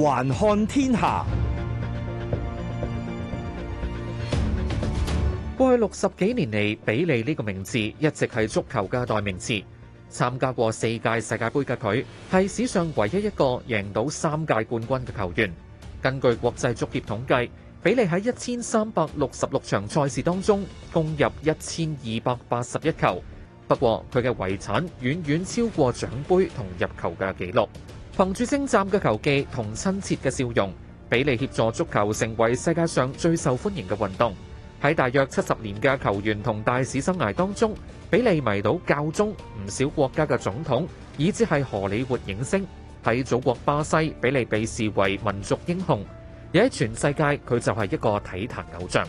環看天下。過去六十幾年嚟，比利呢個名字一直係足球嘅代名詞。參加過四屆世界盃嘅佢，係史上唯一一個贏到三屆冠軍嘅球員。根據國際足協統計，比利喺一千三百六十六場賽事當中共入一千二百八十一球。不過，佢嘅遺產遠遠超過獎盃同入球嘅紀錄。憑住精湛嘅球技同親切嘅笑容，比利協助足球成為世界上最受歡迎嘅運動。喺大約七十年嘅球員同大使生涯當中，比利迷倒教宗、唔少國家嘅總統，以至係荷里活影星。喺祖國巴西，比利被視為民族英雄，而喺全世界，佢就係一個體壇偶像。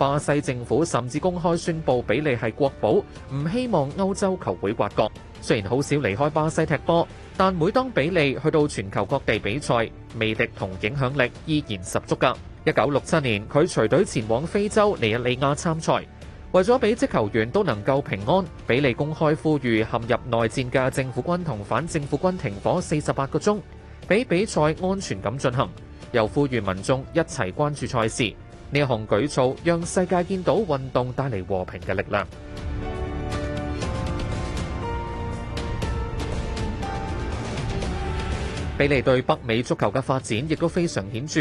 巴西政府甚至公開宣布比利係國寶，唔希望歐洲球會挖角。雖然好少離開巴西踢波，但每當比利去到全球各地比賽，魅力同影響力依然十足噶。一九六七年，佢隨隊前往非洲尼日利、利亞參賽，為咗俾職球員都能夠平安，比利公開呼籲陷入內戰嘅政府軍同反政府軍停火四十八個鐘，俾比、比賽安全咁進行，又呼籲民眾一齊關注賽事。呢一項舉措讓世界見到運動帶嚟和平嘅力量。比利對北美足球嘅發展亦都非常顯著。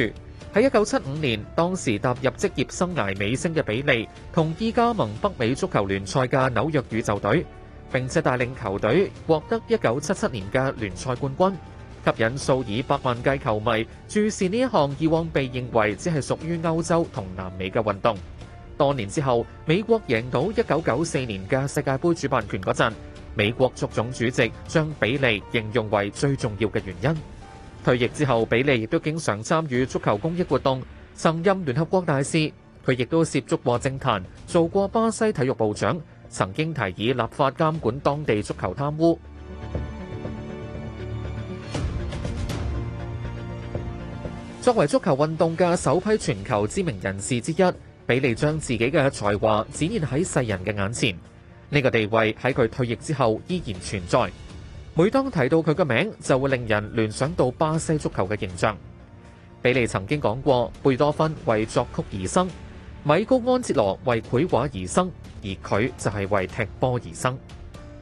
喺一九七五年，當時踏入職業生涯尾聲嘅比利，同意加盟北美足球聯賽嘅紐約宇宙隊，並且帶領球隊獲得一九七七年嘅聯賽冠軍。吸引數以百萬計球迷注視呢一項以往被認為只係屬於歐洲同南美嘅運動。多年之後，美國贏到一九九四年嘅世界杯主辦權嗰陣，美國足總主席將比利形容為最重要嘅原因。退役之後，比利亦都經常參與足球公益活動，曾任聯合國大使。佢亦都涉足過政壇，做過巴西體育部長，曾經提議立法監管當地足球貪污。作為足球運動嘅首批全球知名人士之一，比利將自己嘅才華展現喺世人嘅眼前。呢個地位喺佢退役之後依然存在。每當提到佢嘅名，就會令人聯想到巴西足球嘅形象。比利曾經講過：貝多芬為作曲而生，米高安哲羅為繪畫而生，而佢就係為踢波而生。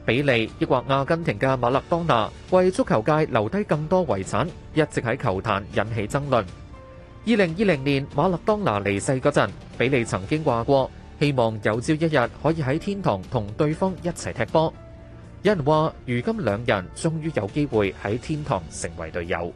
比利抑或阿根廷嘅馬勒當拿為足球界留低更多遺產，一直喺球壇引起爭論。二零二零年馬勒當拿離世嗰陣，比利曾經話過，希望有朝一日可以喺天堂同對方一齊踢波。有人話，如今兩人終於有機會喺天堂成為隊友。